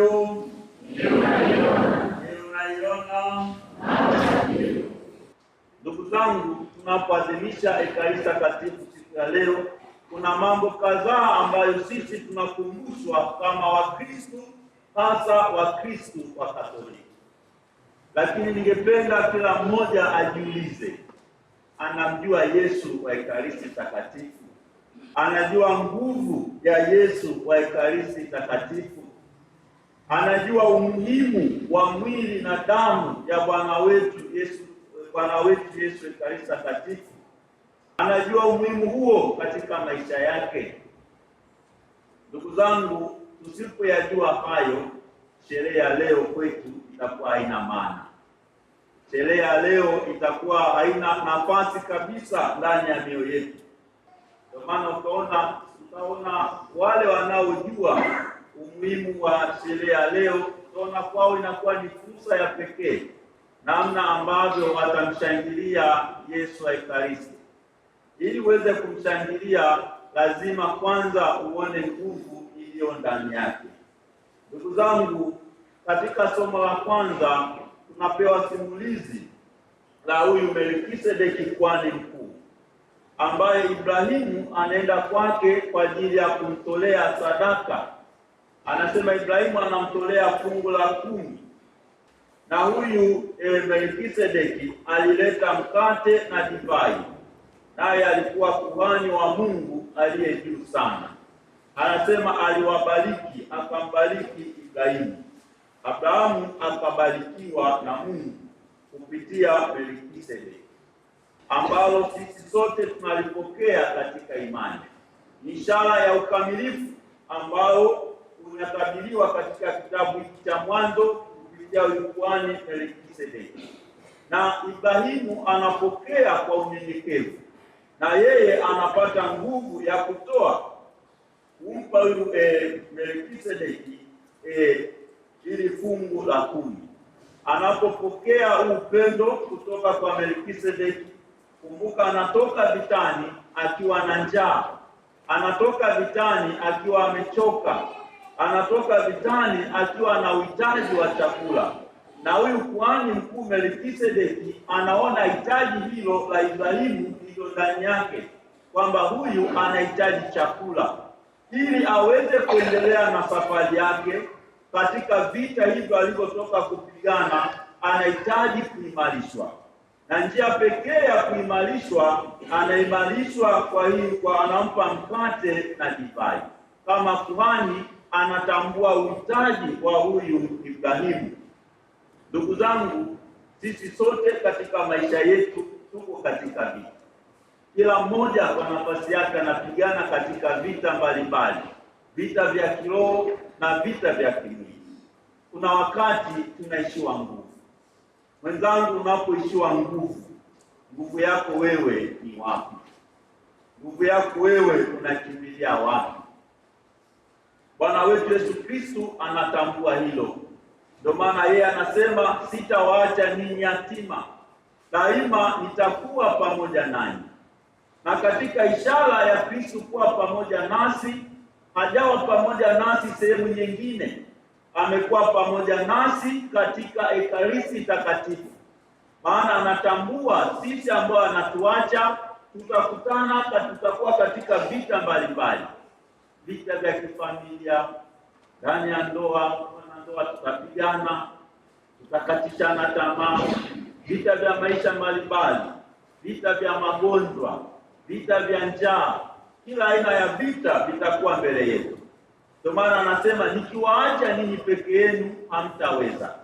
hilo Ndugu zangu, tunapoadhimisha Ekaristi Takatifu siku ya leo, kuna mambo kadhaa ambayo sisi tunakumbushwa kama Wakristo, hasa Wakristo wa Katoliki. Lakini ningependa kila mmoja ajiulize, anamjua Yesu wa Ekaristi Takatifu? Anajua nguvu ya Yesu wa Ekaristi Takatifu? anajua umuhimu wa mwili na damu ya Bwana wetu Yesu, Bwana wetu Yesu Ekaristi Takatifu. Anajua umuhimu huo katika maisha yake. Ndugu zangu, tusipoyajua hayo, sherehe ya leo kwetu itakuwa haina maana. Sherehe ya leo itakuwa haina nafasi kabisa ndani ya mioyo yetu. Ndio maana utaona utaona wale wanaojua umuhimu wa sherehe leo, tunaona kwao inakuwa ni fursa ya pekee namna ambavyo watamshangilia Yesu wa Ekaristi. Ili uweze kumshangilia, lazima kwanza uone nguvu iliyo ndani yake. Ndugu zangu, katika somo la kwanza tunapewa simulizi la huyu Melkisedeki, kwani mkuu ambaye Ibrahimu anaenda kwake kwa ajili ya kumtolea sadaka anasema Ibrahimu anamtolea fungu la kumi na huyu e, eh, Melkisedeki alileta mkate na divai, naye alikuwa kuhani wa Mungu aliye juu sana. Anasema aliwabariki, akambariki Ibrahimu. Abrahamu akabarikiwa na Mungu kupitia Melkisedeki, ambalo sisi sote tunalipokea katika imani, ni ishara ya ukamilifu ambao kinabadiliwa katika kitabu hiki cha Mwanzo kupitia yukwani Melkizedeki, na Ibrahimu anapokea kwa unyenyekevu, na yeye anapata nguvu ya kutoa kumpa huyu eh, Melkisedeki eh, ili fungu la kumi. Anapopokea upendo kutoka kwa Melkisedeki, kumbuka, anatoka vitani akiwa na njaa, anatoka vitani akiwa amechoka anatoka vitani akiwa na uhitaji wa chakula, na huyu kuhani mkuu Melkisedeki anaona hitaji hilo la Ibrahimu lilo ndani yake, kwamba huyu anahitaji chakula ili aweze kuendelea na safari yake katika vita hivyo alivyotoka kupigana. Anahitaji kuimarishwa, na njia pekee ya kuimarishwa, anaimarishwa kwa hii kwa anampa mkate na divai kama kuhani anatambua uhitaji wa huyu Ibrahimu. Ndugu zangu, sisi sote katika maisha yetu tuko katika vita, kila mmoja kwa nafasi yake anapigana katika vita mbalimbali, vita vya kiroho na vita vya kimwili. Kuna wakati tunaishiwa nguvu. Mwenzangu, unapoishiwa nguvu, nguvu yako wewe ni wapi? Nguvu yako wewe unakimbilia wapi? Bwana wetu Yesu Kristu anatambua hilo, ndio maana yeye anasema sitawaacha ninyi yatima, daima nitakuwa pamoja nanyi. Na katika ishara ya Kristu kuwa pamoja nasi, hajawa pamoja nasi sehemu nyingine, amekuwa pamoja nasi katika Ekaristi Takatifu, maana anatambua sisi ambao anatuacha tutakutana, tutakuwa katika vita mbalimbali vita vya kifamilia, ndani ya ndoa, ndoa tutapigana, tutakatishana tamaa, vita vya maisha mbalimbali, vita vya magonjwa, vita vya njaa, kila aina ya vita vitakuwa mbele yetu. Ndio maana anasema nikiwaacha ninyi peke yenu hamtaweza.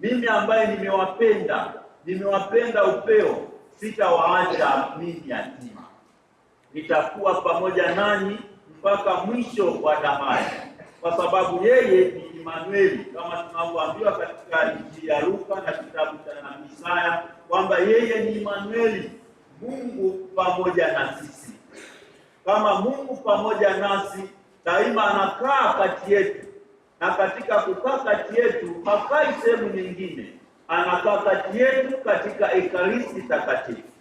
Mimi ambaye nimewapenda, nimewapenda upeo, sitawaacha ninyi yatima, nitakuwa pamoja nanyi mpaka mwisho wa dahari, kwa sababu yeye ni Imanueli, kama tunavyoambiwa katika Injili ya Luka na kitabu cha nabii Isaya kwamba yeye ni Imanueli, Mungu pamoja na sisi. Kama Mungu pamoja nasi daima, anakaa kati yetu, na katika kukaa kati yetu hakai sehemu nyingine, anakaa kati yetu katika Ekaristi Takatifu.